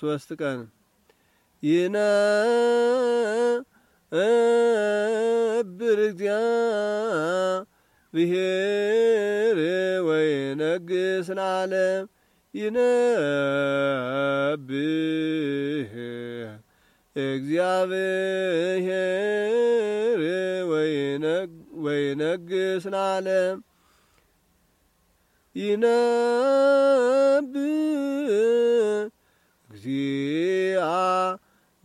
ሶስት ቀን ይነብር እግዚአብሔር ወይነግስ ለዓለም ይነብር እግዚአብሔር ወይነግስ ለዓለም ይነ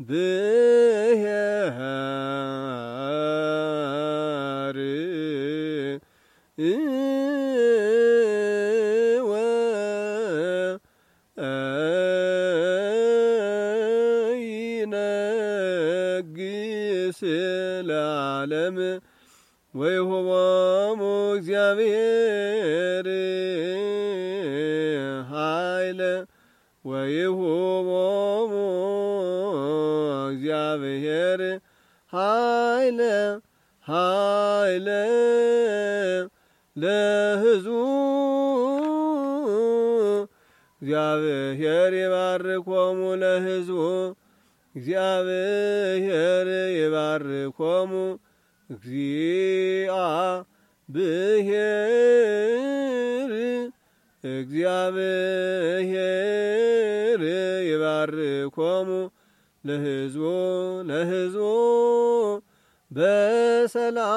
بهاري وينقس العالم وهو مزيابير حيل وهو مزيابير እግዚአብሔር ኃይለ ኃይለ ለህዙ እግዚአብሔር ይባርኮሙ ለሕዝቡ እግዚአብሔር ይባርኮሙ እግዚአ ብሔር እግዚአብሔር ይባርኮሙ ለህዝቡ ለሕዝቦ በሰላም